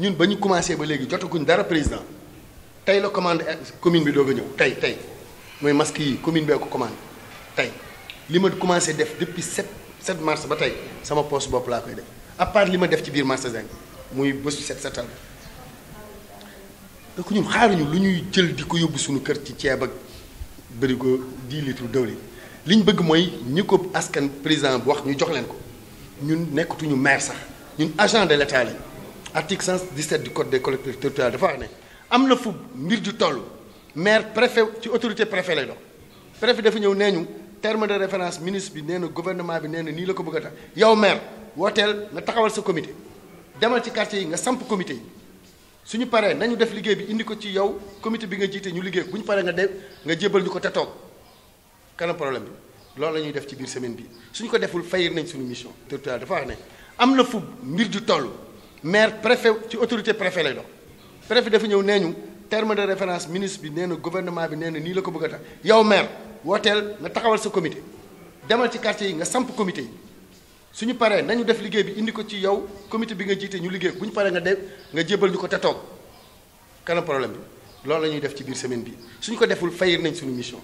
ñun ba ñu commencé ba léegi jotaguñ dara président tey la commande commune bi doog a ñëw tey tey mooy masque yi commune bee ko commande tey li ma commencé def depuis 7 7 mars ba tey sama poste bopp laa koy def à part li ma def ci biir marchés muy bésu set setal donc ñun xaaruñu lu ñuy jël di ko yóbbu suñu kër ci ceeb ak bërigo 10 litres dëwlin liñ bëgg mooy ñi ko askan président bu wax ñu jox leen ko ñun nekkatuñu maire sax ñun agent de l'État lañ article 117 du code des collectivités territoriales dafa wax ne am na fu mbir di toll maire préfet ci autorité préfet lay dox préfet dafa ñëw nee terme de référence ministre bi nee gouvernement bi nee ni nii la ko bëgg yow maire wotel nga taxawal sa comité demal ci quartier yi nga samp comité yi suñu paré nañu def liggéey bi indi ko ci yow comité bi nga jité ñu liggéey buñu paré nga dé nga jébal ñu ko te toog kanam problème bi loolu la ñuy def ci biir semaine bi suñu ko deful fayir nañ suñu mission territoriale dafa wax ne am na fu mbir di toll maire préfet ci autorité préfet lay dox préfet dafa ñëw nee ñu terme de référence ministre bi nee na gouvernement bi nee na nii la ko bëgg a tax yow maire wooteel nga taxawal sa comité demal ci quartier yi nga samp comité yi suñu paree nañu def liggéey bi indi ko ci yow comité bi nga jiitee ñu liggéey bu ñu paree nga de nga jébal ñu ko te toog kanam problème bi loolu la ñuy def ci biir semaine bi suñu ko deful fayir nañ suñu mission